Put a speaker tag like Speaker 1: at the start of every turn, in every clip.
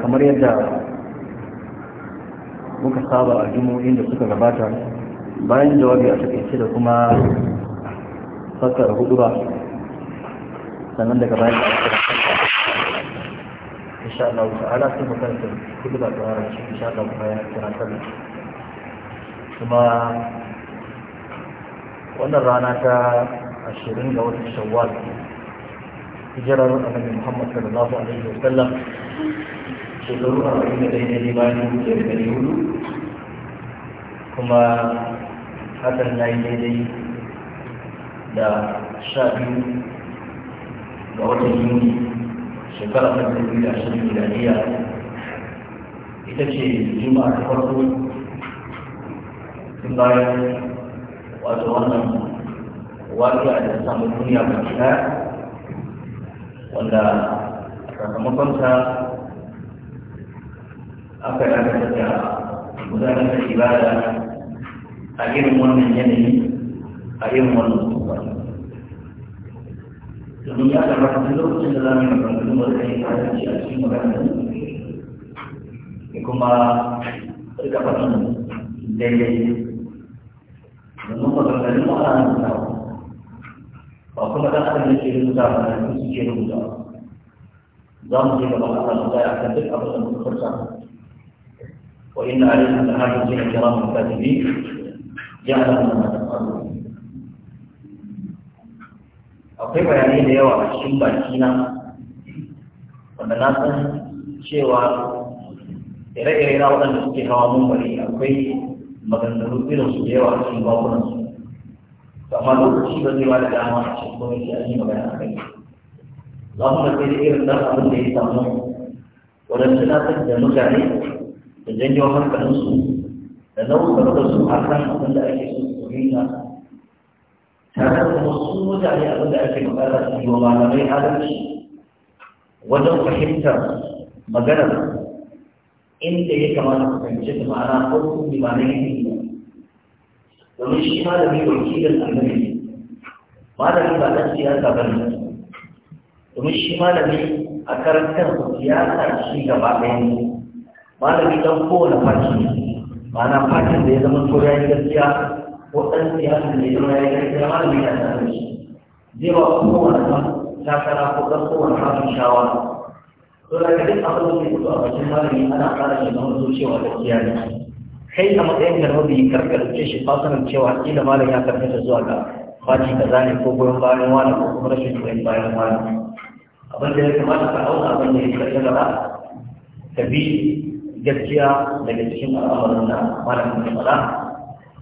Speaker 1: kamar yadda muka saba a jimo'in da suka gabata bayan jawabi a takaice da kuma fasar hudu ba sannan daga bayan da aka insha Allah ta'ala sun makaranta hudu ba tsara shi insha Allah kuma ya kira sallah kuma wannan rana ta ashirin ga watan shawwal hijirar annabi Muhammad sallallahu alaihi wa sallam, shekaru arba'in da daidai ne bayan hudu da ɗari hudu kuma hakan na yi daidai da sha biyu ga watan yuni shekara ta dubu da ashirin miliyariya ita ce juma'a ta farko tun bayan wato wannan waƙiya da samun duniya ba ɗaya wanda sakamakon sa aka dakatar da gudanar da ibada a irin wannan yanayi a irin wannan tsufa domin ya lokacin da yi maganganun wata yin kasance a cikin da kuma rika faɗin daidai domin maganganun wata na ba kuma dan adam ne ke rubuta ba ne su ke rubuta za mu je gaba Allah mu tsaya kan duk abin da muka furta wa inna alayka la ya kiraman katibin na da taf'alun akwai bayanai da yawa a cikin baki na wanda na san cewa ire-ire na waɗanda suke hawa mun bari akwai maganganu irin su da yawa a cikin bakunan su amma lokaci ba zai ba da dama a cikin gwamnati a yi magana a kai za mu kai da irin dan abin da ya samu wadanda wajen tunatar da mutane da janyo hankalinsu da nau'ukar da su a kan abin da ake so su rika tare da kuma su mutane abin da ake bukata su yi wa malamai adalci wajen fahimtar maganar inda ya kamata ku fahimci da ma'ana ko kuma limanai domin shi malami wakilin annabi ne malami ba ɗan siyasa ba ne domin shi malami a karantar siyasa shi gaba ɗaya ne malami ɗan kowane fashi ne ma'ana fashin da ya zama ko ya yi gaskiya ko ɗan siyasa da ya zama ya yi gaskiya malami ya sanar shi zai ba kowane takara ko ɗan kowane fashi shawara to da ka duk abin da ke fito a bakin malami ana ƙara shi na wato cewa da ne kai a matsayin da mabi karkarce shi fasanin cewa kila malam ya karkata zuwa ga faci ka ne ko goyon bayan wani ko kuma rashin goyon bayan wani abin da ya kamata ka auna abin da ya karkata ba ka bi gaskiya daga cikin al'amarin da malam ya faɗa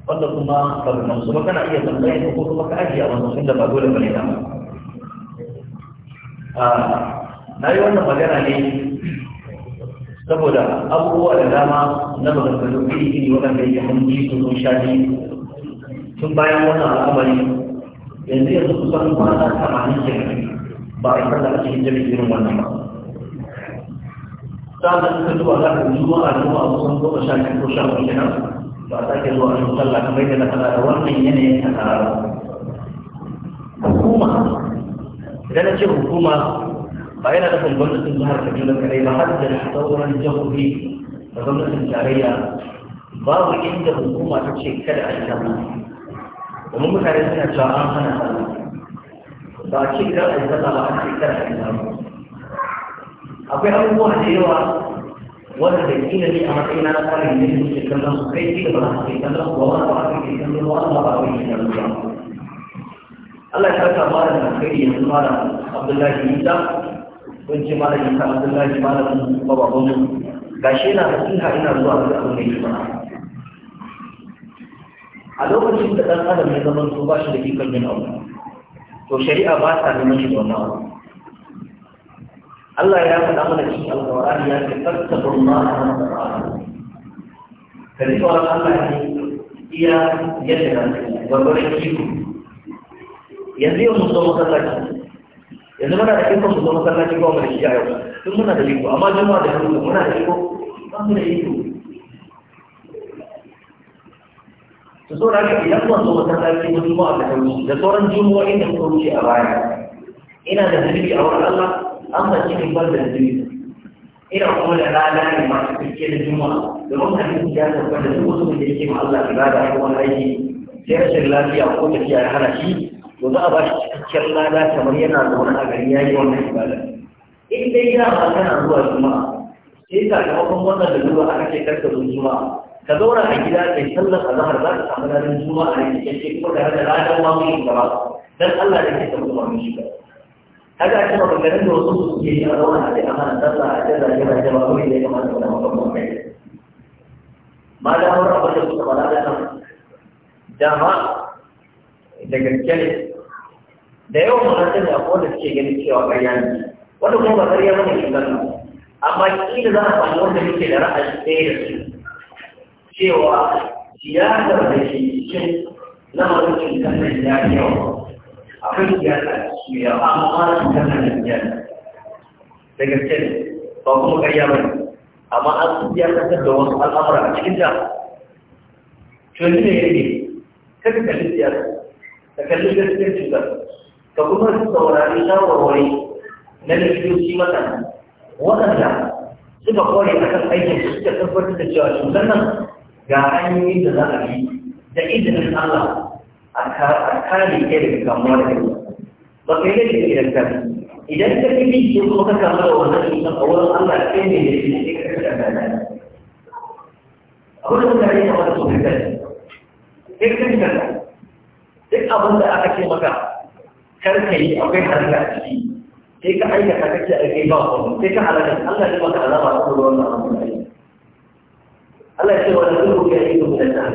Speaker 1: wanda kuma ka bi nan kuma kana iya tambayar ko kuma ka ajiye a wannan da ba dole ba ne ah, na yi wannan magana ne saboda abubuwa da dama na maganganu iri iri waɗanda ya mun su sun sha tun bayan wannan al'amari yanzu yanzu san kwana tamanin ke ba a yi da ake cikin jami'in irin wannan ba sa'an suka zuwa za ka zuwa a zuwa a kusan goma sha biyu ko sha uku kenan ba a sake zuwa a cikin sallah kamar yadda na faɗa da wannan yanayin ta hukuma idan na ce hukuma فأين لك الجنة الظهر كبيرة كريمة حتى تطورا الجهر به فجنة الجارية باب إنت بالقومة تشيء كده على الجنة ومن مكارسنا جاءان هنا هنا باكي كده إذا طبعا تكتر على الجنة أبي أبو هو حديوة وزد إينا لي أمتنا قرر إنه يشكل لهم كيف كده بنا حقيقة لهم ووانا بعضي كده لهم ووانا بعضي كده لهم الله تعالى بارك في سيدنا عبد الله بن kun ce ma da yi ta abdullahi ma da sun ba ba bautu ga shi na nasiha ina zuwa ga abin da yi ba a lokacin da ɗan adam ya zama su ba shi da ikon yin abu to shari'a ba ta neman shi da wannan abu Allah ya faɗa mana cikin alƙawari ya ce tattaba Allah na tsara ka ji tsoron Allah ne iya yadda na ce gwargwaron kiwo yanzu yau mu zo masallaci yanzu muna da ikon su zo masallaci ba wani shiya a yau sun muna da iko amma jama'a da hannu muna da iko ba mu da iko su so da haka idan ban zo masallaci wani juma'a da hannu da sauran jimuwa inda muka wuce a baya ina da zunubi a wurin Allah an ba cikin ban da zunubi ina kuma da rana ne masu cike da juma'a domin hadisin ya da duk wasu da yake ma Allah ibada ko wani aiki sai rashin lafiya ko tafiya ya hana shi to za a ba shi cikakken lada kamar yana zaune a agari ya yi wannan ibada in dai ya ba kana zuwa juma'a sai sakamakon wannan da zuwa aka ce karka zo juma'a ka zauna a gida kai sallar azahar za ka samu ladan juma'a cikin cikakke kuma da haka ladan ma mu yi gaba dan Allah da ke samu ma shi gaba kaga a cewa garin da wasu suke yi a zauna a cikin amana sallah a da jira jira ko ne kamar da wani mutum mai ma da wani abu da suka fara da dama daga gaske da yawan mahaifin da akwai da suke gani cewa ƙarya ne wanda kuma ba ƙarya mana ke gano amma kila za a samu wanda muke da ra'ayi ɗaya da su cewa siyasar da ke cikin lamarin kannan ya yi yawa akwai siyasa su ya amma su kannan ya da gaske ne ba kuma ƙarya ba ne amma an su siyasantar da wasu al'amura a cikin da to ne ne kada ka ji siyasa ka kalli gaskiyar cutar ka kuma saurari shawarwari na likitoci masana waɗanda suka kware a kan aikin su suka tabbatar da cewa cutar nan ga hanyoyin da za a bi da izinin Allah a kare ke daga kamuwa da kai ba ka yi da idan ka idan ka fi bi ke kuma ka kamu da wannan cutar a wurin Allah ke ne da shi ne ka kashe da nan a wurin da ya kamata su kai kai kai kai duk abin da aka ce maka kar ka yi akwai halaka a ciki sai ka aikata kake a kai ba kuma sai ka halaka Allah ne maka alama ta ruwa wannan abin da Allah ce wani duk ya yi duk da nan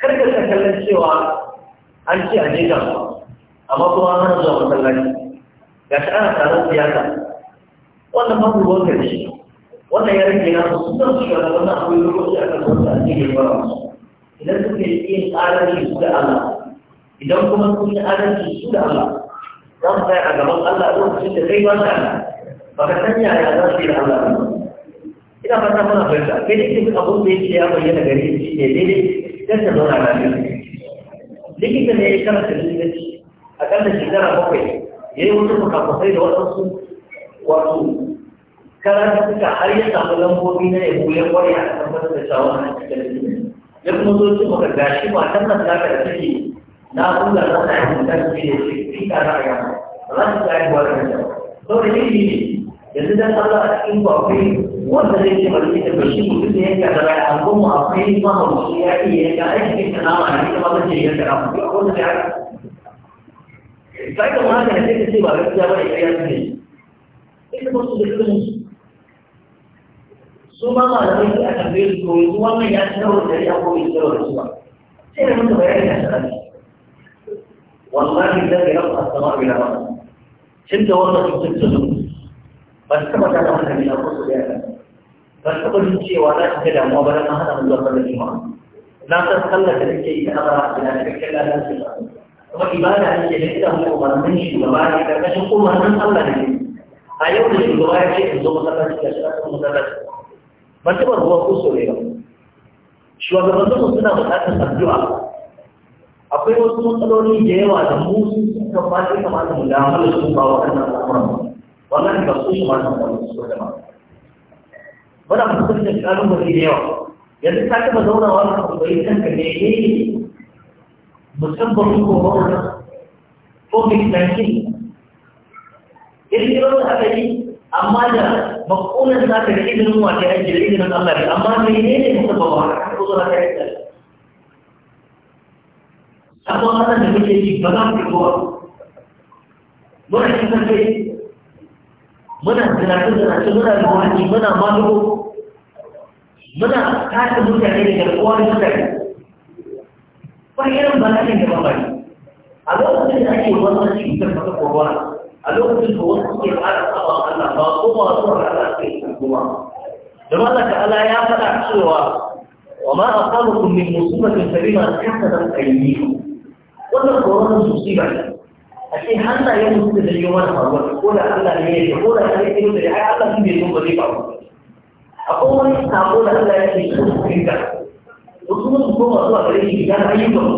Speaker 1: kar ka ta kallon cewa an ce a ne amma kuma an hana zuwa masallaci ga shi ana taron siyasa wannan babu ruwan karshe wannan ya rage na su sun shiga da wannan abin lokaci a kan da ake yi ba idan suke yi yin adalci su da Allah idan kuma sun yi adalci su da Allah za mu kai a gaban Allah su da kai wanda ta ba ka san yaya za su yi da Allah ba ina fata muna fahimta kai da kuma abin da yake ya bayyana gare shi ne daidai da ta zauna lafiya likita ne ya karanta likitanci a kan da shekara bakwai ya yi wasu fukafukai da wasu wato karanta suka har ya samu lambobi na yabo ya kware a kan fata da shawara a cikin ya kuma zo ce maka gashi ba kan nan za ka da take na kula za ta yi mutan ce da ce ki ka za ka ba za ka yi wa da ta to da yake ne yanzu dan Allah a cikin ku akwai wanda zai ce bari ta bashi mutum da yanka da rai an gomu akwai mahaushi ya iya yanka aiki ta nama ne kuma zan ce yanka na mutum ko da ya ka ga ma da take ce ba gaskiya ba da ya ce ne ita ko su da kuma su ma malamai sai a tambaye su to yanzu wannan ya ci karo da shari'a ko bai ci karo da su ba sai da mutu bayani a sarari wallahi da ya rafa sama ila ba tun da wannan mutum ta zo ba su taba tada wannan ila ko su da yara ba su taba jin cewa za su ga damuwa ba na hada mu zuwa sallar juma'a na san sallar da take yi ta azara ina cikakken lalacewa kuma ibada ne ke da ita mu umarnin shugaba ne karkashin umarnin Allah ne a yau da shugaba ya ce in zo masallaci ga shi a cikin masallaci ban taɓa ruwa ko ne ba shugabannin mu suna bukatar addu'a akwai wasu matsaloli da yawa da mu suka fata kamata mu damar da su ba waɗannan al'amuran wannan ba su shi ma su da su da ma muna fuskantar ƙalubale da yawa yanzu ta taba zaunawa ka tambayi kanka ne ne eh, musamman corona covid-19 ƙirƙirar da aka yi amma da مقولا ذاك الإذن هو كأجل الإذن من الله أما منين مصبب على حضورة كأجل أبو هذا نبي يجي بنات الكوار muna cikin kai muna zinace-zinace muna ruwani muna malubo muna kasa mutane da garkuwa da mutane bayan bala'in da mamari a lokacin da ake wannan cutar mata kowa a lokacin da wasu ke fara Allah ba kuma sun rana kai kuma da mallaka Allah ya faɗa cewa wa ma aqalukum min musibatin fabima kasabat aydikum wannan tsoron musiba ne a ce hannayen musu da jirgin wani faruwa ko da Allah ne ya ce ko da Allah ya ce da ai Allah shi bai zo ba zai faru akwai wani sako da Allah ya ce su fahimta wasu musu koma zuwa gare shi idan ayyukan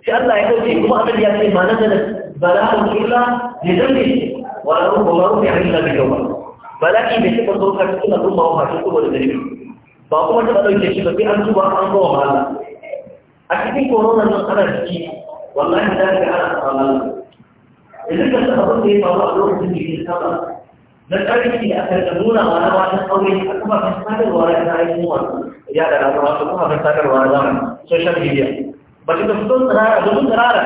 Speaker 1: shi Allah ya kauce kuma abin ya ce ma na da bala'un illa ne zan ne wani ruhu ma rufe hanyar da yau ba. bala'i da shi ba zo ka cikin al'umma ba shi kuma da dalili ba kuma ta ɗauke shi ba sai an zuba an gawa mahala a cikin korona nan ana ciki wallahi da ga ana tsammanin idan ka taɓa abin da ya faru a lokacin da ya saba na ƙarfi a aka da nuna wa na wata aure a kuma kan sadarwa na ta yi muwa ya da rama su kuma kan sadarwa na zamani social media ba ta fito tsirara da mun tsirara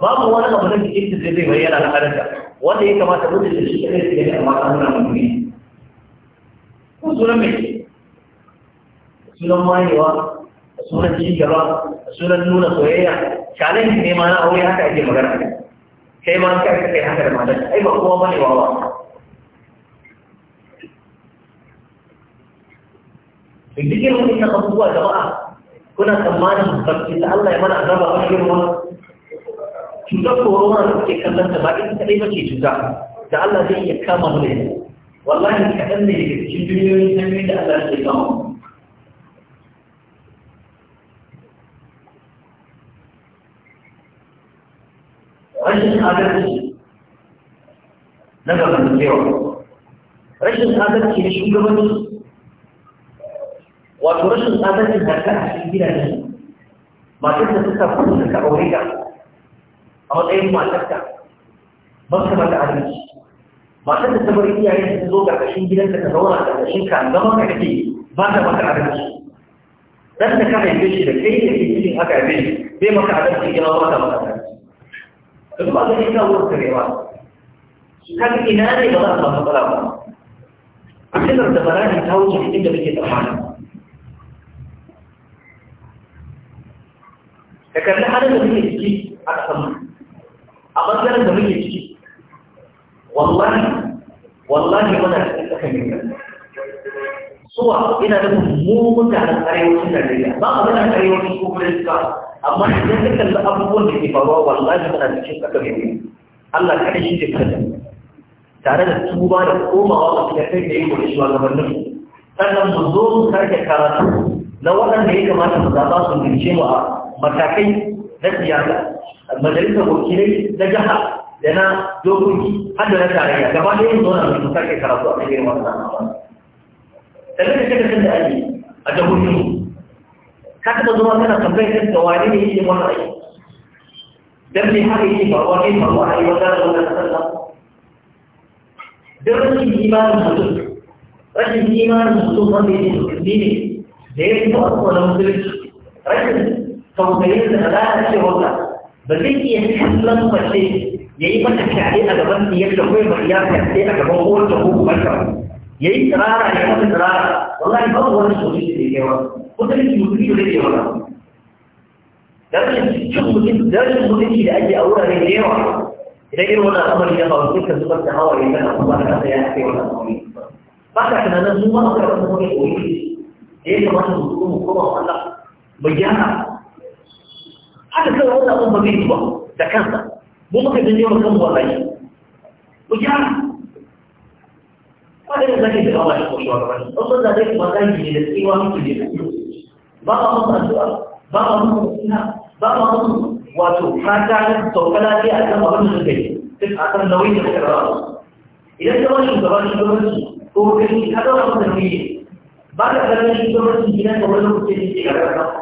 Speaker 1: babu wani abu da ke cikin da zai bayyana na adalci wanda ya kamata mutum da shi su da ya kamata nuna ne. ko sunan mai sunan mayewa sunan ci gaba sunan nuna soyayya challenge ne ma na aure haka ake magana kai ma ka kai haka da mata ai ba kowa bane wawa Bikin wani na abubuwa jama'a kuna tsammanin barci da Allah ya mana azaba a cikin cutar korona da suke kallon ta ba ita kaɗai ba ce cuta da Allah zai iya kama mu da ita wallahi kaɗan ne daga cikin duniyoyin hanyoyin da Allah zai kama mu rashin adalci na zamantakewa rashin adalci na shugabanci wato rashin adalci da ka a cikin gidaje matar da suka kuma suka aure ka a matsayin matarka ba ka mata abinci matar da ta bari iyayen su zo ga kashin gidanka ta zauna da kashin ka zama ka kake ba ta maka abinci dan da ka haife shi da kai da ke cikin haka haife shi bai maka abinci ya ba ta maka abinci duk ba ka yi kawo karewa kan ina ne ba za a samu matsala ba a cikin da bala'i ta wuce inda muke tsammani da kalli halin da muke ciki a ƙasar mu ɓangaren da muke ciki wallahi wallahi muna cikin tsakanin nan suwa ina da mu mutanen arewacin Najeriya ba mu mutanen arewacin ko kuma suka amma idan ka kalli abubuwan da ke faruwa wallahi muna cikin tsakanin Allah kada shi da kada tare da tuba da komawa ga kai da yake da nan sannan mu zo mu sake karatu na waɗanda ya kamata mu zaɓa su rince mu a matakai na siyasa majalisar wakilai na jiha da na dokoki har da na tarayya gaba da yin zona mai ke karatu a cikin wasu zama da kada kada kan da ake a jihohin ka taɓa zuwa kana tambayar kan da wani ne yake wani aiki dan ne haka yake ba wani ba wani wata da wata sallah da rashin imanin mutum rashin imanin mutum wanda yake musulmi ne da ya fi wasu wani musulunci rashin tausayin da alaƙa ce wata ba zai iya kallon mace ya yi mata fyaɗe a gaban ɗiyarta ko ya fyaɗe a gaban uwarta ko umarta ya yi tsirara ya mata tsirara wallahi babu wani sojoji da ya yawa mutunci mutunci da ya yawa darasin cin mutum darasin mutunci da ake a wurare da yawa idan irin wannan al'amari ya faru sai ka zubar da hawaye kana kuma da kasa ya kai wannan al'amari ba ka tunanin su ma a karɓar wani koyi da ya kamata mu kuma mu koma Allah mu gyara aka san wannan abin ba zai yi ba da kansa mu muka janye wa kanmu wallahi ku gyara هذا الذي بالله يخشى الرحمن أصل ذلك مزاجي للسوى مثل الفلوس بعض من الدعاء بعض من السنة بعض من واتو حتى توكلا في أكلم أبن الزبي تبقى أكلم نوين الكرار إذا كمان شبابان شبابان هو كريم هذا هو التنمية بعد كلام شبابان شبابان شبابان شبابان شبابان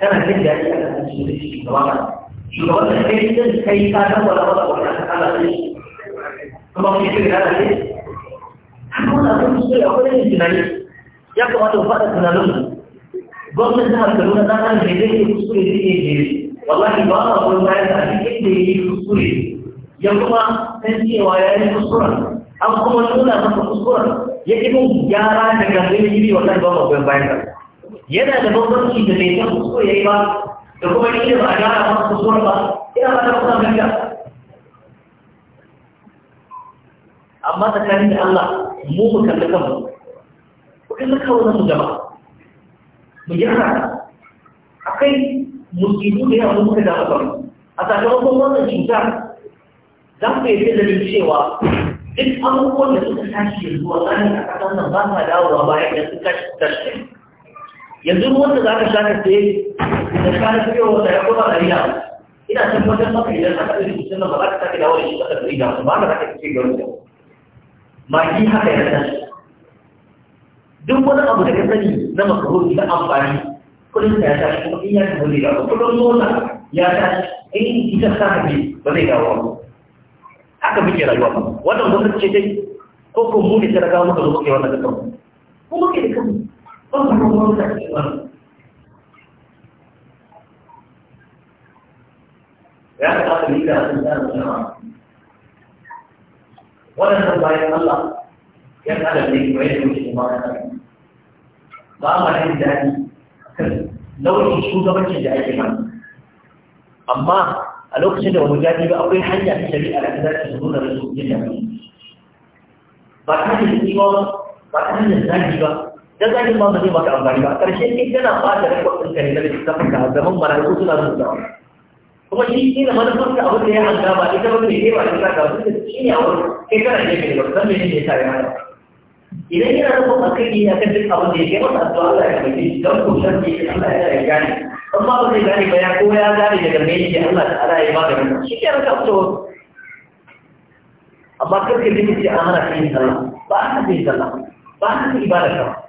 Speaker 1: kana jin daɗi a kan su da shi da wata shugaban da kai zan kai ka san wala wala wala ka kala shi kuma mun yi kira da shi amma da abin su ya kuma yin tunani ya kamata mu faɗa tunanin gwamnati jihar Kaduna ta kan da yake kuskure da yake jere wallahi ba a goyon bayan sa duk inda ya yi kuskure ya kuma san cewa ya yi kuskure an kuma nuna masa kuskure ya ƙi gyara da gangan yi wannan ba ma goyon bayan sa yana da bambanci da mai san kusko ya yi ba da kuma ni da ba a gyara masa kusuwar ba ina ba ta kusa hanyar amma tsakanin da Allah mu mu kalli kanmu ku kalli kawo na su gaba mu gyara akai musibu da yawon muka da ba a sakamakon wannan cuta za ku yi filarin cewa duk abubuwan da suka tashi yanzu a tsarin a ƙasar nan ba sa dawowa bayan da suka tashi yanzu ruwan da za ka shaka ce da sha na fiye wata ya kuma a riya ina wajen maka idan ka ɗari kusan nan ba za ka sake dawo da shi ka ɗari yawon ba ka za ka ce ga ruwa yi haka ya tashi duk wani abu da ka sani na makaroni na amfani kudin ya tashi kuma in ya tafi zai dawo kudin mota ya tashi in ta sa ka bi ba zai dawo haka muke rayuwa ba wannan gwamnati ce dai ko kuma mu ne talakawa muka zo muke wannan kasar kuma ke da kanmu فضح الله تحت يعتقد إلى أنسان جماعة ولا تبعي الله يفعل به ويدعو الشيطان ما عند أن لو يشوف من جاء أما a lokacin da wani ba akwai hanya ta shari'a da ta dace da nuna da su yin ba ta hanyar ba ta hanyar zaki ba dan zagin ma ba zai maka amfani ba karshe kai ba da rikon ɗinka ne zaman marayu suna rubutawa kuma shi na manufar ka abin ya hanga ba ita wani ne ba ita ka abin da shi ne a wani kai kana ne ne ba san mene ne ta yi haka idan yana rubun a a kan duk abin da ya kai masa addu'a Allah ya kai shi don ko shan ne Allah ya gane amma ba zai ba ya ko ya gane daga ne Allah ta ala ya magana shi ke amma an hana ka ba ba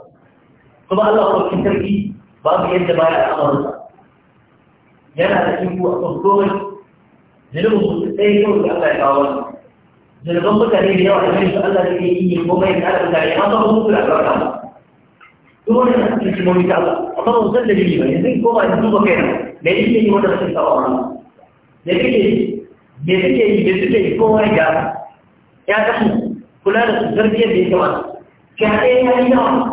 Speaker 1: kuma Allah ɗauki sarki babu yadda baya al'amarinsa yana da iko a kan komai zunubin mutu ɗaya kawai da Allah ya kawo wani zunuban mutane da yawa da yin su Allah da ke yi ne kuma ya tsara mutane an zama mutu da albarka ba duk wani na cikin kimomi ta ba a kan wasan da biyu ba yanzu koma da duba kai na da yake yi wanda suke kawo wani da kake da suke yi da suke yi kowa ya ya kasu kula da su zargiyar da ya kamata fyaɗe ya yi yawa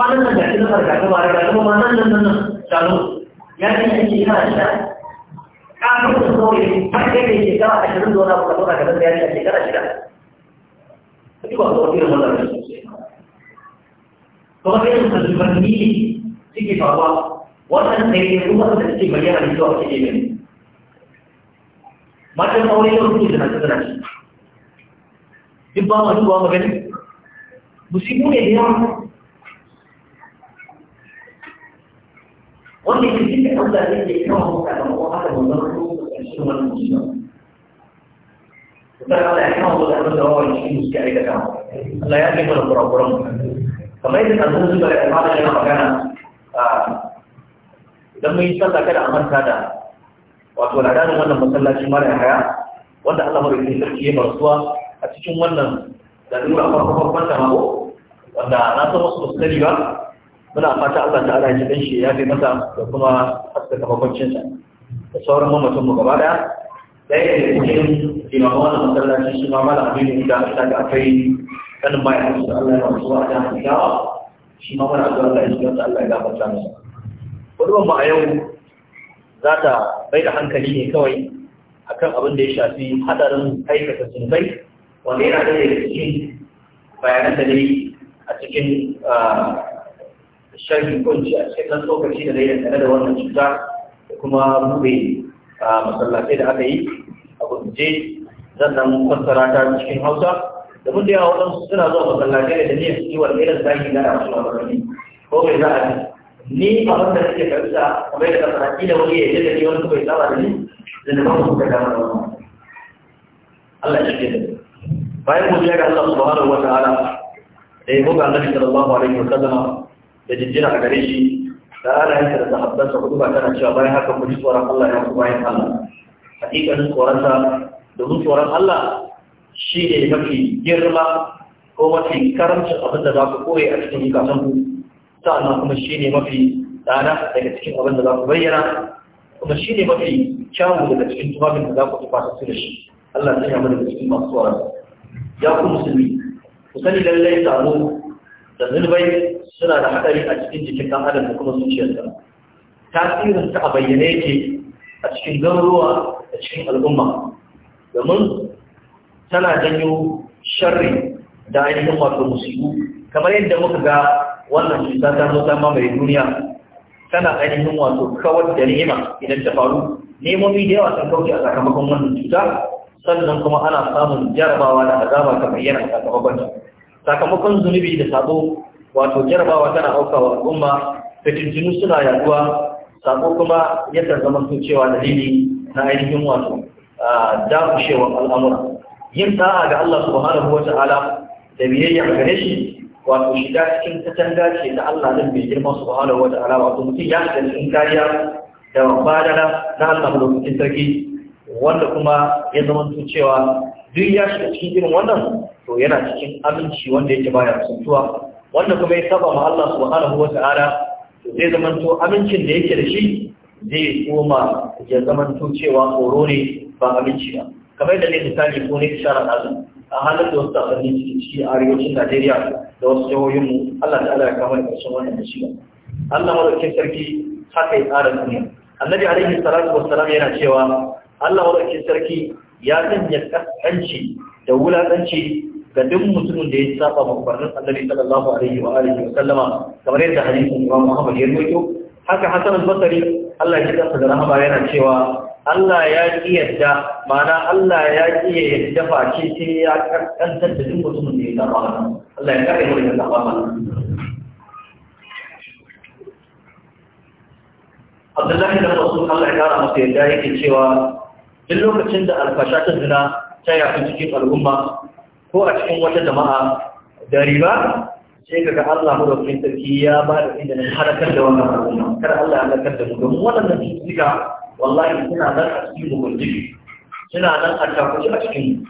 Speaker 1: kwanan nan da shi na farka ta bara ga kuma nan nan nan shanu ya ce shi Ya shida kafin su zo ne har sai da shekara ashirin zuwa na kuka zo daga nan ya ce shekara da? duk ba su wani wannan rashin sosai kuma sai yin sassubanni suke faruwa wannan sai ne kuma da suke bayyana da zuwa cikin ne matan aure ne suke zana zana shi duk ba wani ba magani musibu ne da yawa wanda ke cikin Allah ne ke kawo maka da mawa haka da zama ko cikin wani musulma kusan Allah ya kawo maka da zama wani cikin suke aikata Allah ya kai mana kurakuran kamar yadda kan zuwa da fara yana magana idan mun yi sallah kada a manta da wato ladanin wannan masallaci mara haya wanda Allah mai sarki ya barsuwa a cikin wannan da nuna farko farkon da wanda na san wasu ba su ba muna fata Allah ta alaƙi ji shi ya fi masa da kuma haska haskaka makwancinsa da sauran mamacin mu gaba daya ɗaya da cikin imamu wani masallaci shi ma mala abin da ta ga kai kanin bayan su Allah ya masu wata jihar Jigawa shi ma muna zuwa Allah ya ji wata Allah ya gafarta masa. Kudurin mu a yau za ta bai da hankali ne kawai akan abin da ya shafi hadarin aikata zunubai wanda yana da cikin bayanan da ne a cikin ah, sharri ko ci a cikin nan tsokaci da zai tare da wannan cuta da kuma buɗe a masallatai da aka yi a gudunje zan nan fassara ta cikin hausa da mun da yawa waɗansu suna zuwa masallatai da niyyar su yi wa irin zaki na a cikin wani ko mai za a ni a wanda nake karsa kamar yadda kana kila wani ya yi da ni wani kuma ya da ni da na ba su dama da Allah ya shirya da ni bayan godiya ga Allah subhanahu wa ta'ala da ya ga Allah sallallahu alaihi wa sallama da jinjina a gare shi da halayensa da sahabbansa hudu ba tana cewa bayan haka ku ji tsoron Allah ya ku bayan Allah hakikanin tsoronsa domin tsoron Allah shi ne mafi girma ko mafi karamcin abin da za ku koye a cikin zukatanku sa'annan kuma shi ne mafi tsada daga cikin abin da za ku bayyana kuma shi ne mafi kyawu daga cikin tufafin da za ku tufa su da shi Allah ya mana daga cikin masu tsoron ya ku musulmi ku sani lallai samu da zunubai suna da haɗari a cikin jikin ɗan adam da kuma zuciyarsa tasirin ta a bayyane yake a cikin garuruwa a cikin al'umma domin tana janyo sharri da ainihin wato musibu kamar yadda muka ga wannan cuta ta zo ta mamaye duniya tana ainihin wato kawar da nema idan ta faru nemomi da yawa sun kauce a sakamakon wannan cuta sannan kuma ana samun jarabawa da azaba ta bayyana sakamakon sakamakon zunubi da sabo wato jarabawa tana aukawa al'umma fitintinu suna yaduwa sako kuma yadda zama sun cewa dalili na ainihin wato dakushewar al'amura yin ta'a ga Allah subhanahu wata'ala da biyayya a gare shi wato shiga cikin katanga ce ta Allah din bai girma subhanahu wata'ala wato mutum ya shiga cikin kariya da badala na Allah lokacin sarki wanda kuma ya zama sun cewa duk ya shiga cikin irin wannan to yana cikin aminci wanda yake baya kusantuwa wanda kuma ya saba ma Allah subhanahu wa ta'ala zai zamanto amincin da yake da shi zai koma ya zamanto cewa tsoro ne ba aminci ba kamar da ne misali ko ne isharar azum a halin da wasu tsakanni cikin ciki a arewacin Najeriya da wasu jihohin mu Allah ta'ala ya kama da ƙarshen wannan da ba. Allah madaukakin sarki haka ya tsara duniya Annabi alaihi salatu wassalam yana cewa Allah madaukakin sarki ya sanya kaskanci da wulaƙanci ga duk mutumin da ya saba mafarnin annabi sallallahu alaihi wa alihi wa sallama kamar yadda hadisin Imam Muhammad ya rawaito haka Hassan al-Basri Allah ya kasa da rahama yana cewa Allah ya ki yadda ma'ana Allah ya ki yadda fa ce ya kankantar da duk mutumin da ya saba Allah ya kare mu daga saba Abdullahi da Rasul Allah ya kara masa yadda yake cewa duk lokacin da alfasha ta zina ta yafi cikin al'umma ko a cikin wata jama'a da riba sai ka ga Allah mu dokin sarki ya ba da inda na harakar da wannan al'umma kar Allah ya halakar da mu domin waɗannan cututtuka wallahi suna nan a cikin mugunji suna nan a takuci a cikin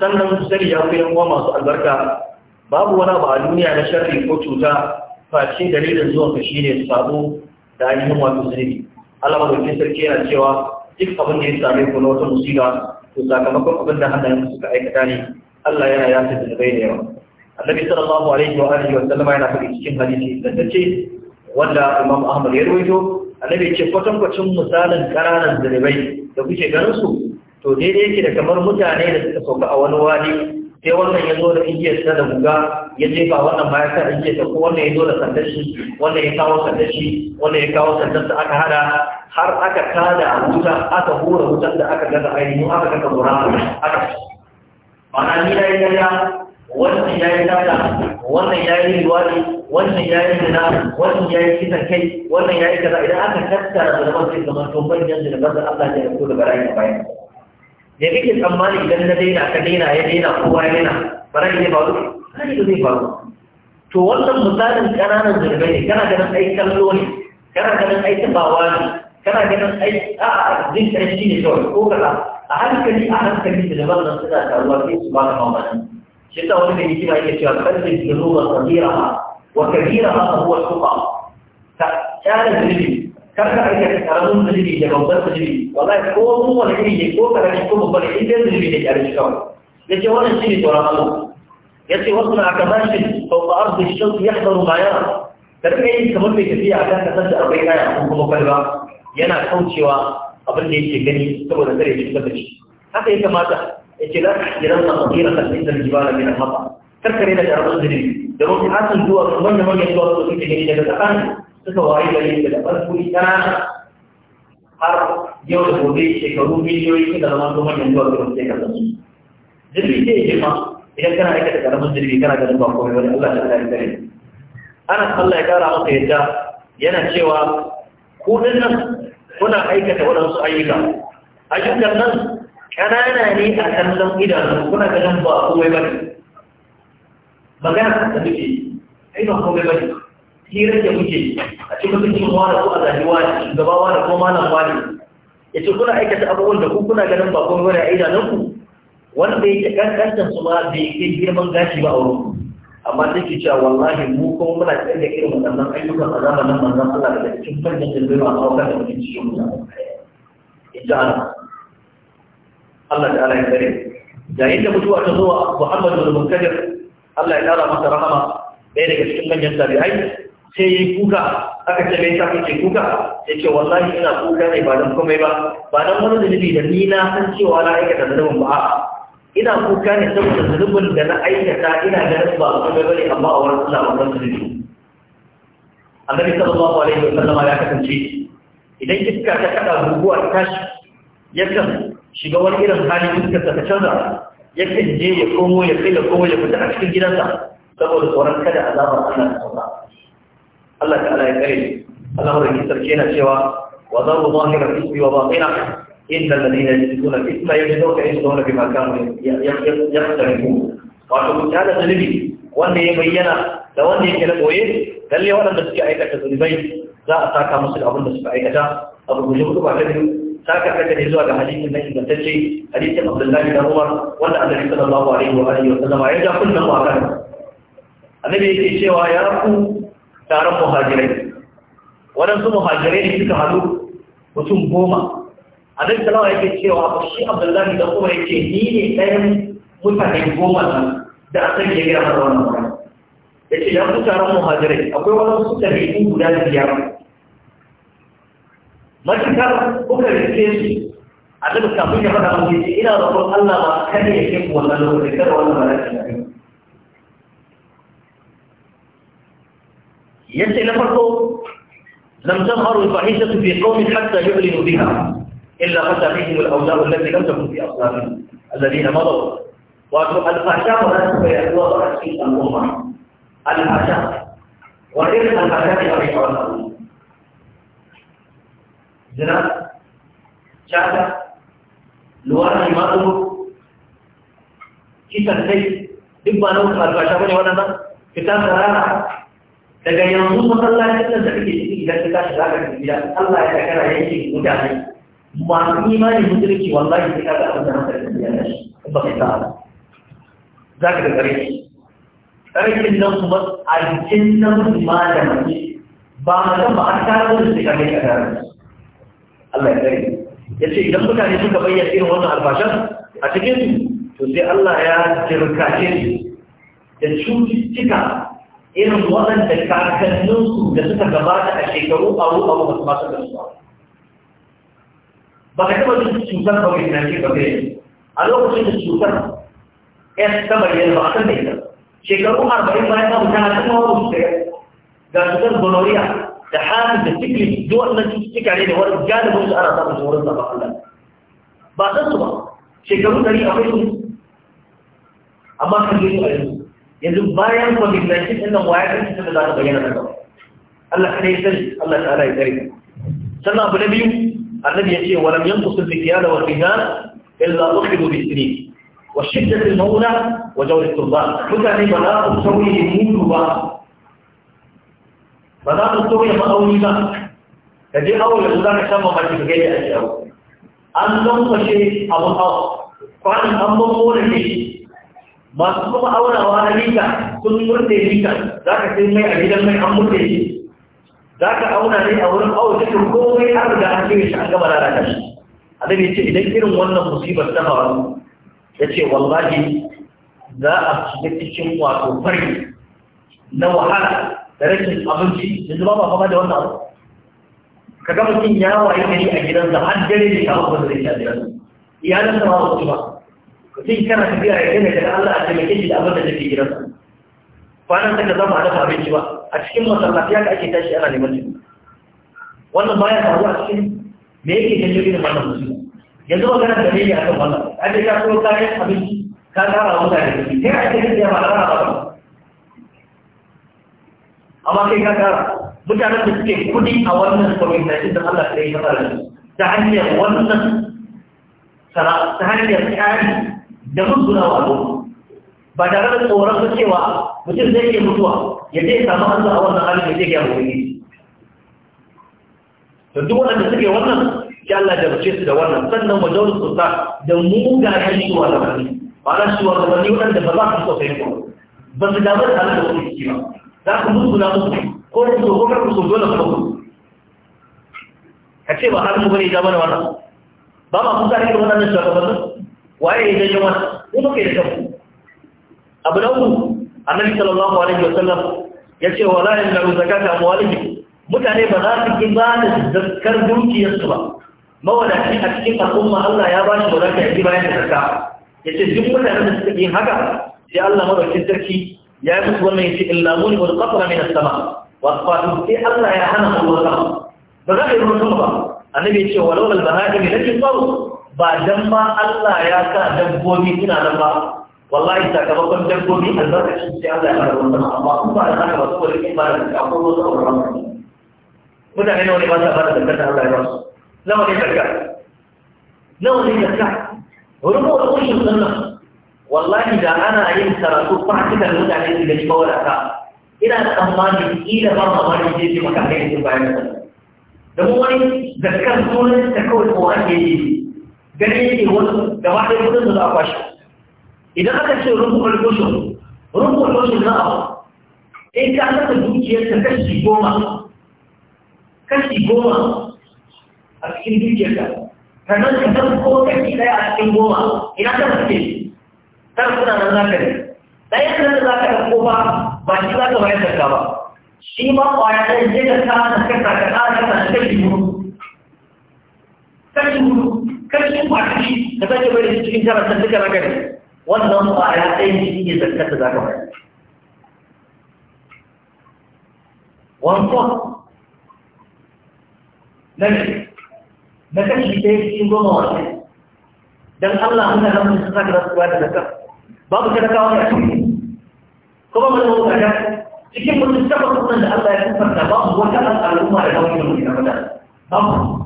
Speaker 1: sannan sani ya fi yankuwa masu albarka babu wani ba a duniya na sharri ko cuta face dalilin zuwan ka shine sabo da ainihin wato zunubi Allah madaukin sarki yana cewa duk abin da ya same ku na wata musiba to sakamakon abin da hannayen suka aikata ne Allah yana yafe zunubai da yawa annabi sallallahu alaihi wa alihi wa sallama yana faɗi cikin hadisi da tace wanda Imam Ahmad ya rawaito annabi ce kwatankwacin misalin kananan zunubai da kuke ganin su to daidai yake da kamar mutane da suka sauka a wani wani sai wannan ya zo da ta da buga ya jefa wannan ba ya sa ta ko wannan ya zo da sandar shi wannan ya kawo sandar shi wannan ya kawo sandar da aka hada har aka a wuta aka hura wutar da aka gaza ainihin aka kaka zura aka mana ni ya yi gaya wannan ya yi tada wannan ya yi liwali wannan ya yi zina wannan ya yi kisan kai wannan ya yi kaza idan aka tattara da zaman sai zaman to banyan da da Allah ya yi ko da barayin bayan da kake tsammani idan na daina ka daina ya daina kowa ya daina ba za ka iya faru ba zai faru to wannan misalin ƙananan zirgai ne kana ganin ai kallo ne kana ganin ai tabawa ne kana ganin ai din kai shi ne kawai ko kaza a hankali a hankali da daban nan suna taruwa sai su ba ka mamaki shi ta wani mai hikima yake cewa kalli zunuba sabiraha wa kabiraha fa huwa tuqa ta tsara zunubi karka aikata karamin zunubi da babban zunubi wallahi ko mu wani iri ne ko karami ko babban iri da zunubi da kyarci kawai ya ce wannan shi ne tsoron Allah ya ce wasu na kamashin fauka arzu shan ya faru baya da rika yin kamar mai tafiya a kan kasar da akwai kaya a kuma kwalba yana kaucewa abin da yake gani saboda kare shi da shi haka ya kamata ya ce za ka kiran na fakira da inda jibala min al-hafa karkare da karamin zunubi da mun hasan zuwa manyan manyan zuwa su suke gani daga tsakanin suka wayi gari da da farko ƙanana har yau da gobe shekaru miliyoyi suka zama to manyan zuwa gurin sai ka zama jirgi ke girma idan kana aika da karamin jirgi kana ga ba komai wani Allah ta kare kare ana Allah ya kara masa yadda yana cewa ku nan kuna aikata waɗansu ayyuka ayyukan nan ƙanana ne a kallon idanu kuna ganin ba komai ba ne magana da muke ai ba komai ba ne hirar da muke a cikin mutuncin wani ko a zaɓi ne gaba wani ko malam wani ya ce kuna aikata abubuwan da kuna ganin bakon gwada a ku wanda yake kankantar su ma bai kai girman gashi ba a wurin amma sai ke cewa wallahi mu kuma muna cikin da irin waɗannan ayyukan a zamanin manzon Allah daga cikin fannin da zai ba a kawar da mutum cikin mutane ita Allah ta'ala ya kare yayin da mutuwa ta zo wa Muhammadu bin Munkadir Allah ya kara masa rahama ɗaya daga cikin manyan tabi'ai sai yi kuka aka ce mai sa kuke kuka ya ce wallahi ina kuka ne ba don komai ba ba don wani zunubi da ni na san cewa na aikata zunubin ba ina kuka ne saboda zunubin da na aikata ina ganin ba a komai bane amma a wani Allah wannan zunubi annabi sallallahu alaihi wa sallama ya kasance idan iska ta kada guguwa ta tashi yakan shiga wani irin hali iska ta canza yakan je ya komo ya kai da komo ya fita a cikin gidansa saboda tsoron kada azabar Allah da sauka Allah ta'ala ya kare Allah madaukakin sarki yana cewa wa za mu zahira fi wa batina inna alladhina yajiduna isma yajiduna isma bima kanu yaqtarifun wato mutane zalibi wanda ya bayyana da wanda yake na koye lalle waɗanda suke aikata zunubai za a saka musu da abin da suka aikata abu guje mutu ba ta biyu saka kaka ne zuwa ga hadisin na ingantacce hadisin abdullahi da umar wanda annabi sallallahu alaihi wa alihi wa sallam ya ja kullum wa kan annabi yake cewa ya ku taron muhajirai waɗansu muhajirai ne suka haɗu mutum goma a nan talawa yake cewa shi abdullahi da kuma yake ni ne ɗayan mutane goma nan da a sanya ya gaya wannan magana ya ce yanzu fi taron muhajirai akwai waɗansu ɗabi'u guda biyar matukar kuka rike su a duk kafin ya faɗa mutum ina roƙon Allah ba kada ya shi wannan lokacin kada wannan malakin ينسي الى فرقه لم تظهر الفحيشه في قوم حتى يعلنوا بها الا فتى بهم الاولاء التي لم تكن في اصنافهم الذين مضوا وأقول والفحشاء وضعت في الامه الفحشاء وغيرها الفحشاء في الامه جنا شاكا لوان عماده كتاب سيد دبا نوت الفحشاء وانا كتاب رائع daga yanzu masallacin nan da kake ciki idan ka tashi zaka ga gida Allah ya kara yake mutane masu imani mutunci wallahi sai kaga abin da hankali ya tashi ba kai ta zaka ga gare shi ƙarfin nan kuma alkin na musulma da mace ba mutum ba an tara wani su kamar ka tara Allah ya tsare ya ce idan mutane suka bayyana irin wannan albashan a cikin to sai Allah ya jirkace shi da cututtuka irin waɗanda kakanninsu da suka gabata a shekaru aru aru ba su masu da su ba ka taɓa jin cutar covid na ce gaba a lokacin da cutar ya ta bayyana ba a san da ita shekaru arba'in bayan ta mutane sun hawa su ga cutar gonorrhea da hannun da sikli duk wannan cututtuka ne da wani galibin su ana samun tsoron sa ba Allah ba san su ba shekaru ɗari akwai su amma kan yi su a yanzu yanzu bayan covid-19 ɗin nan waya kan cutar da za ta bayyana nan gaba Allah kada ya sani Allah ta'ala ya tsare sannan abu na biyu annabi ya ce walam yanqusu al-fityal wa al-fihan illa ukhidu bi-sinin wa shiddat al-mawla wa jawr al-turban mutane ba za su sauye mutu ba ba za su sauye ma'auni ba ka je hawa yanzu za ka sha mamaki ka gaida a cikin an don fashe abun hawa kwanan an ban mora ne masu kuma aunawa na lita sun murte lita za ka sai mai a gidan mai an murte shi za ka auna ne a wurin awa cikin komai an riga an cire shi an gama lalata shi abin ya ce idan irin wannan musibar ta faru ya ce wallahi za a shiga cikin wato fari na wahala da rashin abinci da zuba ba kama da wannan ka ga mutum ya waye gari a gidansa har dare ne ta abubuwan da zai sha gidansa iyalinsa ba su ci ba mutum kana tafiya ya kai daga Allah a taimake shi da abin da take gidansa kwanan da za a dafa abinci ba a cikin masallaci haka ake tashi ana neman jini wannan baya faruwa a cikin me yake janyo irin wannan musulmi yanzu magana da ne a kan wannan an da ya so kayan abinci ka kara mutane da shi sai a cikin da ba kara ba amma kai ka kara mutanen da suke kudi a wannan community da Allah ya yi ta fara Ta hanyar wannan sana'a ta hanyar tsari da rusuna wa abu ba tare da tsoron su cewa mutum zai iya mutuwa ya je samu Allah a wannan halin da zai ga wani to duk wanda suke wannan ya Allah da bace su da wannan sannan wa dawlu sulta da mugayen shi wa zamani ba na shi wa zamani wanda ba za ku so sai ku ba su damar da wani ciki ba za ku mutu na mutu ko ku so ko ku so dole ku ka ce ba har mu bane da mana wannan ba ma ku ga irin wannan shugabannin waye ya janyo mana ko muke da abu na uku annabi sallallahu alaihi sallam, ya ce wala yanzu zakata amwalihim mutane ba za su ki ba da zakkar dukiyarsu ba shi a cikin al'umma Allah ya ba shi wadata ya ji bayan da zakka ya ce duk mutane da suka yin haka sai Allah madaukin sarki ya yi musu wannan ya ce illa muni wal qatra min as-sama wa qatu sai Allah ya hana mu ruwa ba za ka yi ruwa ba annabi ya ce walau al baha'im lakin faru? ba dan ma Allah ya sa dabbobi ina nan ba wallahi sakamakon dabbobi albarkacin sai Allah ya fara wannan amma kun ba da haka ba saboda kin ba da akwai wasu auren mutane nawa ne ba sa fara zakata Allah ya ba nawa ne zakka nawa ne zakka rubuta kullum sannan wallahi da ana yin karatu fatikan mutane su gani mawadata ina tsammanin ila ba ma wani je ce maka kai su bayan da mu wani zakkan sunan ta kawai ko ake yi gani yake wani ba ɗaya kudin da za a kwashe idan aka ce rubu alkushin rubu alkushin na abu in ka saka dukiyarka kashi goma kashi goma a cikin dukiyarka sannan ka san ko kashi ɗaya a cikin goma ina ka suke tara kuna nan za ka ne ɗaya nan da za ka ɗauko ba ba shi za ka bayar zakka ba shi ma ƙwaya ɗaya je ka sa ka kasa ka ƙara kasa kashi hudu kashi hudu karshen kwanaki ka sake bari cikin karatun duka na gari wannan kwaya ɗaya shi ne zarkar da za ka bari wancan na ne na kashi ɗaya cikin goma wasu don Allah muna nan musu saka da suwa da zakar babu sadakawa ne a cikin kuma mun zo kaga cikin mutum takwas da Allah ya kufarta babu wata al'umma da kawai da mutum da babu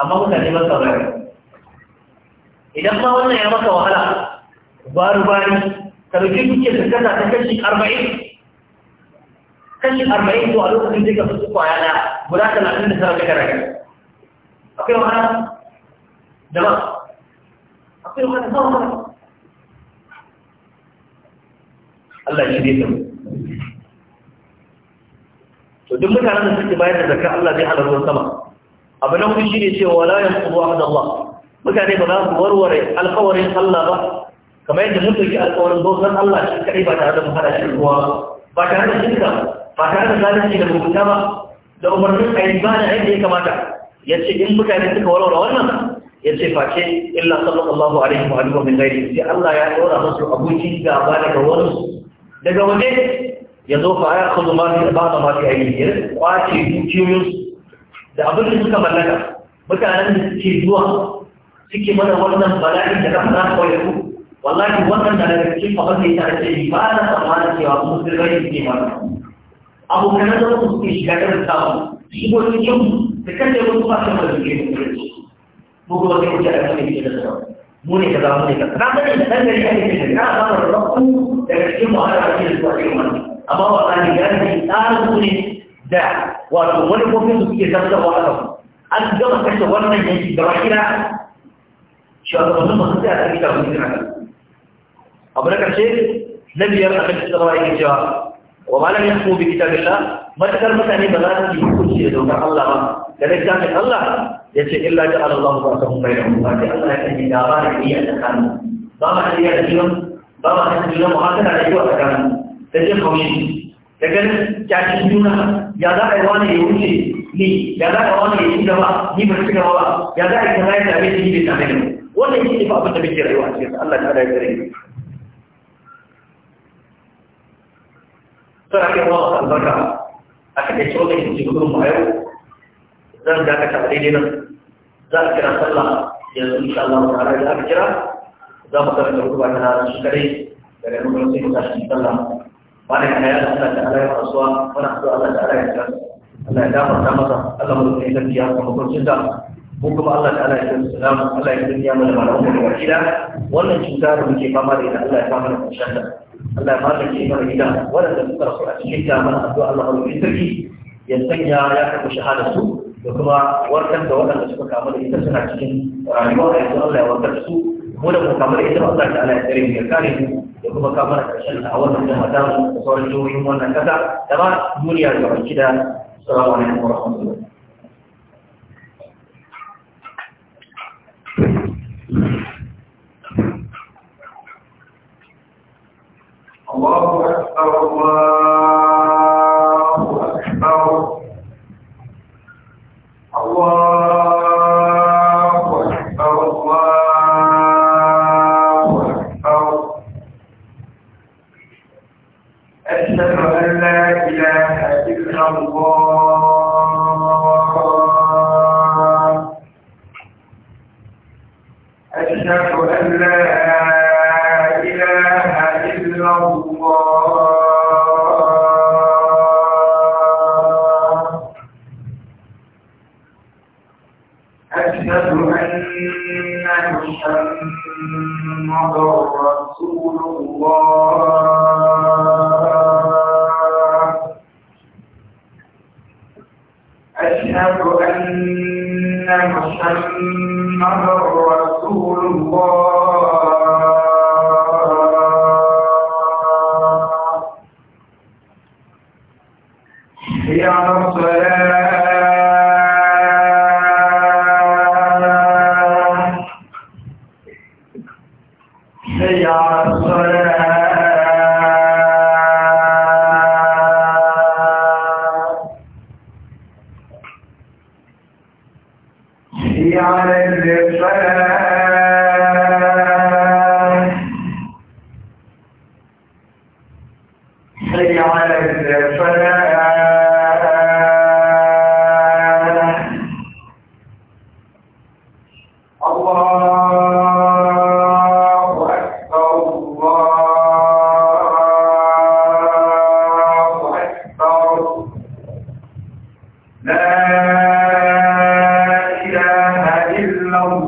Speaker 1: amma mutane ba sa bari idan ma wannan ya maka wahala bari bari ka rufe duke ka kasa ta kashi arba'in kashi arba'in to a lokacin da ka fi kwaya na guda talatin da tara daga rage akwai wahala da ba akwai wahala ba wahala Allah shi ne tamu to duk mutanen da suke bayar da zakka Allah zai halarar sama abu na ne shine cewa wala yanqudu ahad Allah mutane ba za su warware alƙawarin Allah ba kamar yadda mun ke alƙawarin dokar Allah shi kai ba tare da mu hada shi ruwa ba tare da shirka ba tare da zalunci da mugunta ba da umarnin ayi ba da yadda ya kamata Ya ce in mutane suka warware wannan Ya ce face illa sallallahu alaihi wa alihi min ghairi sai Allah ya dora musu abuci ga ba daga wani daga waje ya zo fa ya khuduma bi ba'd ma fi ayyi kwace dukiyoyinsu da abin da suka mallaka mutanen da suke zuwa suke mana wannan bala'in da kan za kawai ku wallahi wannan da daga cikin abin da ya ce ba na tsammanin cewa mu sun rai suke mana abokan da su suke shiga da samu shigo cikin da kan da wasu masu da suke da su mu kuma sai wuce a kan da su mu ne kaza mu ne kaza na bane da kan da ya ake da na ba da rabu daga cikin mu'amala da ke zuwa cikin wannan amma wallahi ya gani tsarin ne da wato manufofin su suke zartarwa a kan an gama kashe wannan yanki gaba kira shugabannin masu sai a tsarki da mutum a abu na ƙarshe na biyar a kan cikin yake cewa wa malam ya kuma bikita ta. matakar mutane ba za su yi hukunci da dokar Allah ba da littafin Allah ya ce illa ta Allah ba ta mun bayyana ba sai Allah ya sanya gaba da iya tsakanin ba ma da iya da jiran ba ma da jiran mu haka da iya tsakanin da jin kaushi Daga jakin juna ya za a yi wani ya wuce ni ya za a wani ya ci gaba ni ba ci gaba ba ya za a yi kaza ya tabe shi ne tabe ne wannan shi ne ba abin da muke rayuwa a cikin Allah ta da ya tsare sai ake wa albarka a kan yace wannan shi gudun mu yau zan ga ka tare ne nan za a kira sallah yanzu insha Allah ta Allah za ka kira za mu karanta rubuta na shi kadai daga nan sai mu tashi sallah wani kana ya Allah ta Allah ya rasuwa wani hadu Allah ta Allah ya Allah ya dafa masa Allah mu da yake ya kuma kurcin da ko kuma Allah ta Allah ya tsara salamu Allah ya dunya mana malamu da wakila wannan cuta da muke fama da ita Allah ya fama da kunshin da Allah ya fara ke mana gida da suka rasu a cikin ta mana addu'a Allah mu da yake ya sanya ya kafa shahada su da kuma warkar da da suka kama da ita suna cikin rayuwa da yanzu Allah ya warkar su mu ko kamar idan Allah ta ala ya tsare kare mu da kuma kamar karshen a wannan da mata da sauran jihohin wannan kasa da ba duniya ga baki da salamu alaikum wa rahmatullahi Allahu akbar Allah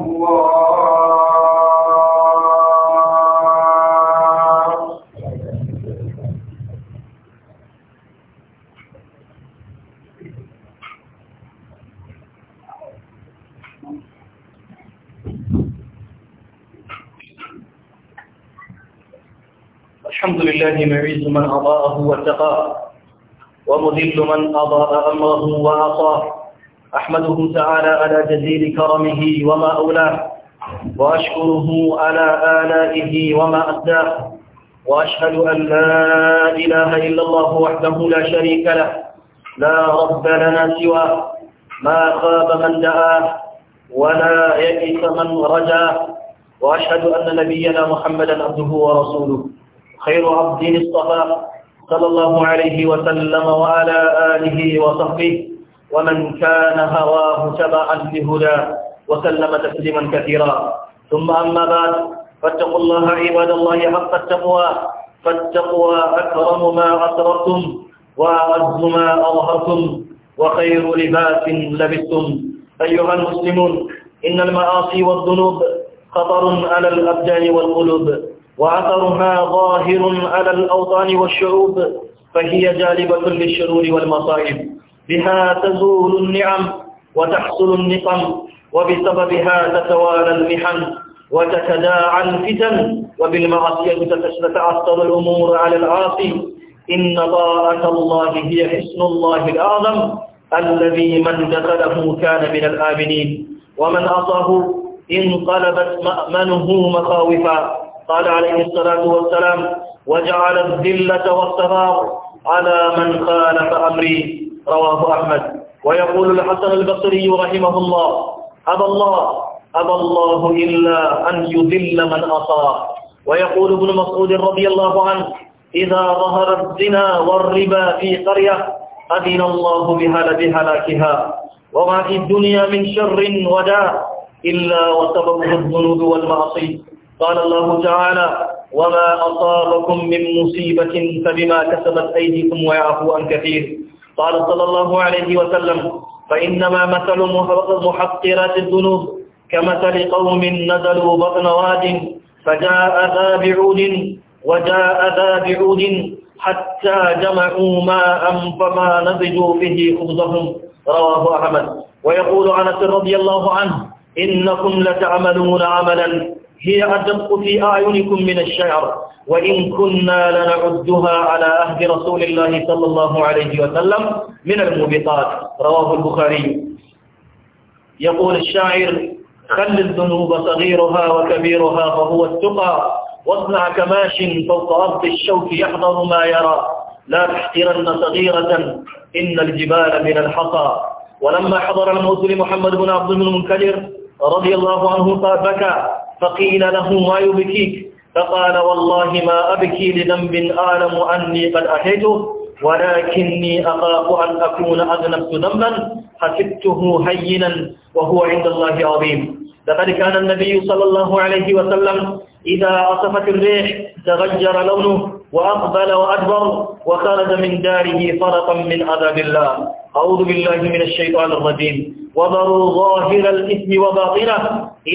Speaker 1: الحمد لله معيز من أضاءه واتقاه ومذل من أضاء أمره وأطاه أحمده تعالى على جزيل كرمه وما أولاه وأشكره على آلائه وما أداه وأشهد أن لا إله إلا الله وحده لا شريك له لا رب لنا سواه ما خاب من دعاه ولا يئس من رجاه وأشهد أن نبينا محمدا عبده ورسوله خير عبد اصطفى صلى الله عليه وسلم وعلى آله وصحبه ومن كان هواه تبعا لهدى وسلم تسليما كثيرا ثم أما بعد فاتقوا الله عباد الله حق التقوى فالتقوى أكرم ما أسررتم وأعز ما أظهرتم وخير لباس لبستم أيها المسلمون إن المعاصي والذنوب خطر على الأبدان والقلوب وعثرها ظاهر على الأوطان والشعوب فهي جالبة للشرور والمصائب بها تزول النعم وتحصل النقم وبسببها تتوالى المحن وتتداعى الفتن وبالمعصية تتعثر الأمور على العاصي إن طاعة الله هي حسن الله الأعظم الذي من دخله كان من الآمنين ومن أطاه انقلبت مأمنه مخاوفا قال عليه الصلاة والسلام وجعل الذلة والصغار على من خالف أمري رواه أحمد ويقول الحسن البصري رحمه الله أبى الله أبى الله إلا أن يذل من أطاع ويقول ابن مسعود رضي الله عنه إذا ظهر الزنا والربا في قرية أذن الله بهل بهلاكها وما في الدنيا من شر وداء إلا وسببه الذنوب والمعصي قال الله تعالى وما أصابكم من مصيبة فبما كسبت أيديكم ويعفو عن كثير قال صلى الله عليه وسلم فإنما مثل محقرات الذنوب كمثل قوم نزلوا بطن واد فجاء ذا بعود وجاء ذا بعود حتى جمعوا ماء فما نضجوا به خبزهم رواه أحمد ويقول عنس رضي الله عنه إنكم لتعملون عملا هي أدق في أعينكم من الشعر وإن كنا لنعدها على أهد رسول الله صلى الله عليه وسلم من الموبقات رواه البخاري يقول الشاعر خل الذنوب صغيرها وكبيرها فهو التقى واصنع كماش فوق أرض الشوك يحضر ما يرى لا تحقرن صغيرة إن الجبال من الحصى ولما حضر الموت لمحمد بن عبد المنكدر رضي الله عنه بكى فقيل له ما يبكيك فقال والله ما أبكي لذنب أعلم أني قد أتيته ولكني أخاف أن أكون أذنبت ذنبا حسبته هينا وهو عند الله عظيم لقد كان النبي صلى الله عليه وسلم إذا عصفت الريح تغير لونه وأقبل وأدبر وخرج من داره فرقا من عذاب الله أعوذ بالله من الشيطان الرجيم وبروا ظاهر الإثم وباطنه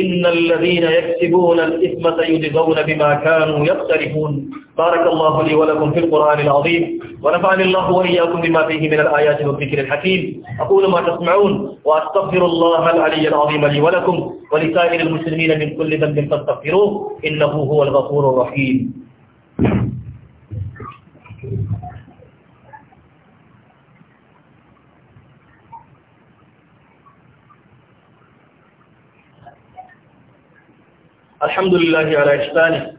Speaker 1: إن الذين يكسبون الإثم سيجزون بما كانوا يقترفون بارك الله لي ولكم في القرآن العظيم ونفعني الله وإياكم بما فيه من الآيات والذكر الحكيم أقول ما تسمعون وأستغفر الله العلي العظيم لي ولكم ولسائر المسلمين من كل ذنب فاستغفروه إنه هو الغفور الرحيم الحمد لله على إحسانه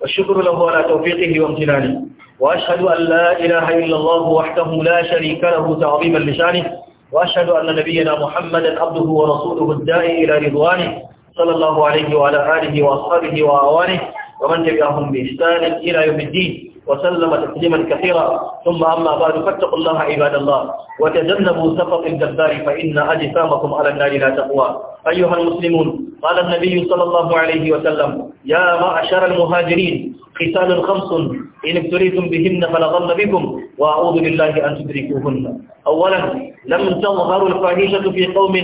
Speaker 1: والشكر له على توفيقه وامتنانه وأشهد أن لا إله إلا الله وحده لا شريك له تعظيما لشانه وأشهد أن نبينا محمدا عبده ورسوله الداعي إلى رضوانه صلى الله عليه وعلى آله وأصحابه وأعوانه ومن تبعهم بإحسان إلى يوم الدين وسلم تسليما كثيرا ثم أما بعد فاتقوا الله عباد الله وتجنبوا سقط الجبار فإن أجسامكم على النار لا تقوى أيها المسلمون قال النبي صلى الله عليه وسلم يا معشر المهاجرين قتال خمس إن ابتليتم بهن فلغن بكم وأعوذ بالله أن تدركوهن أولا لم تظهر الفاحشة في قوم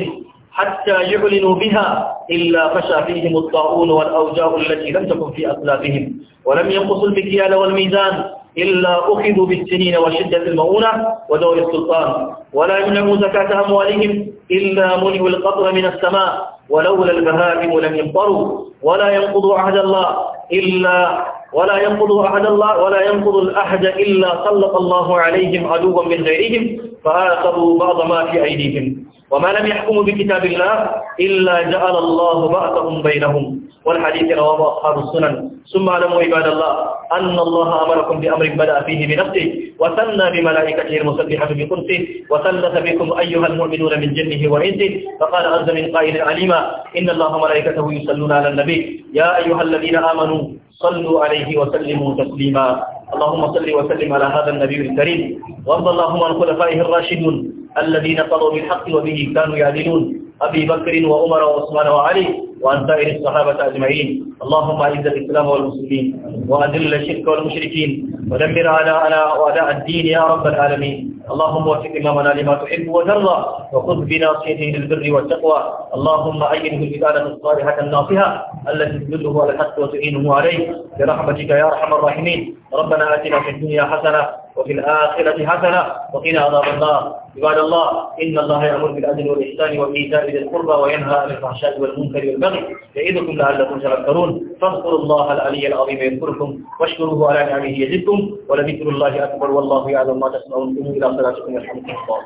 Speaker 1: حتى يعلنوا بها إلا فشى فيهم الطاعون والأوجاع التي لم تكن في أسلافهم ولم ينقصوا المكيال والميزان إلا أخذوا بالسنين وشدة المؤونة ودور السلطان ولا يمنعوا زكاة أموالهم إلا منعوا القطر من السماء ولولا البهائم لم يمطروا ولا ينقضوا عهد الله إلا ولا ينقض أحد الله ولا ينقض الأحد إلا سلط الله عليهم عدوا من غيرهم فآخذوا بعض ما في أيديهم وما لم يحكموا بكتاب الله إلا جعل الله بأسهم بينهم والحديث رواه أصحاب السنن ثم اعلموا عباد الله أن الله أمركم بأمر بدأ فيه بنفسه وثنى بملائكته المسبحة بقدسه وثلث بكم أيها المؤمنون من جنه وإنسه فقال عز من قائل عليما إن الله وملائكته يصلون على النبي يا أيها الذين آمنوا صلوا عليه وسلموا تسليما اللهم صل وسلم على هذا النبي الكريم وارض اللهم عن خلفائه الراشدون الذين صلوا بالحق وبه كانوا يعدلون أبي بكر وعمر وعثمان وعلي وأن سائر الصحابة أجمعين اللهم أعز الإسلام والمسلمين وأذل الشرك والمشركين ودمر على وأداء الدين يا رب العالمين اللهم وفق إمامنا لما تحب وترضى وخذ بناصيته للبر والتقوى اللهم أيده العبادة الصالحة الناصحة التي تدله على الحق وتعينه عليه برحمتك يا أرحم الراحمين ربنا آتنا في الدنيا حسنة وفي الآخرة حسنة وقنا عذاب النار عباد الله إن الله يأمر بالعدل والإحسان وإيتاء ذي القربى وينهى عن الفحشاء والمنكر والبغي ينبغي يعيدكم لعلكم تذكرون فاذكروا الله العلي العظيم يذكركم واشكروه على نعمه يزدكم ولذكر الله أكبر والله يعلم ما تسمعون قوموا إلى صلاتكم يرحمكم الله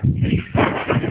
Speaker 1: Thank you.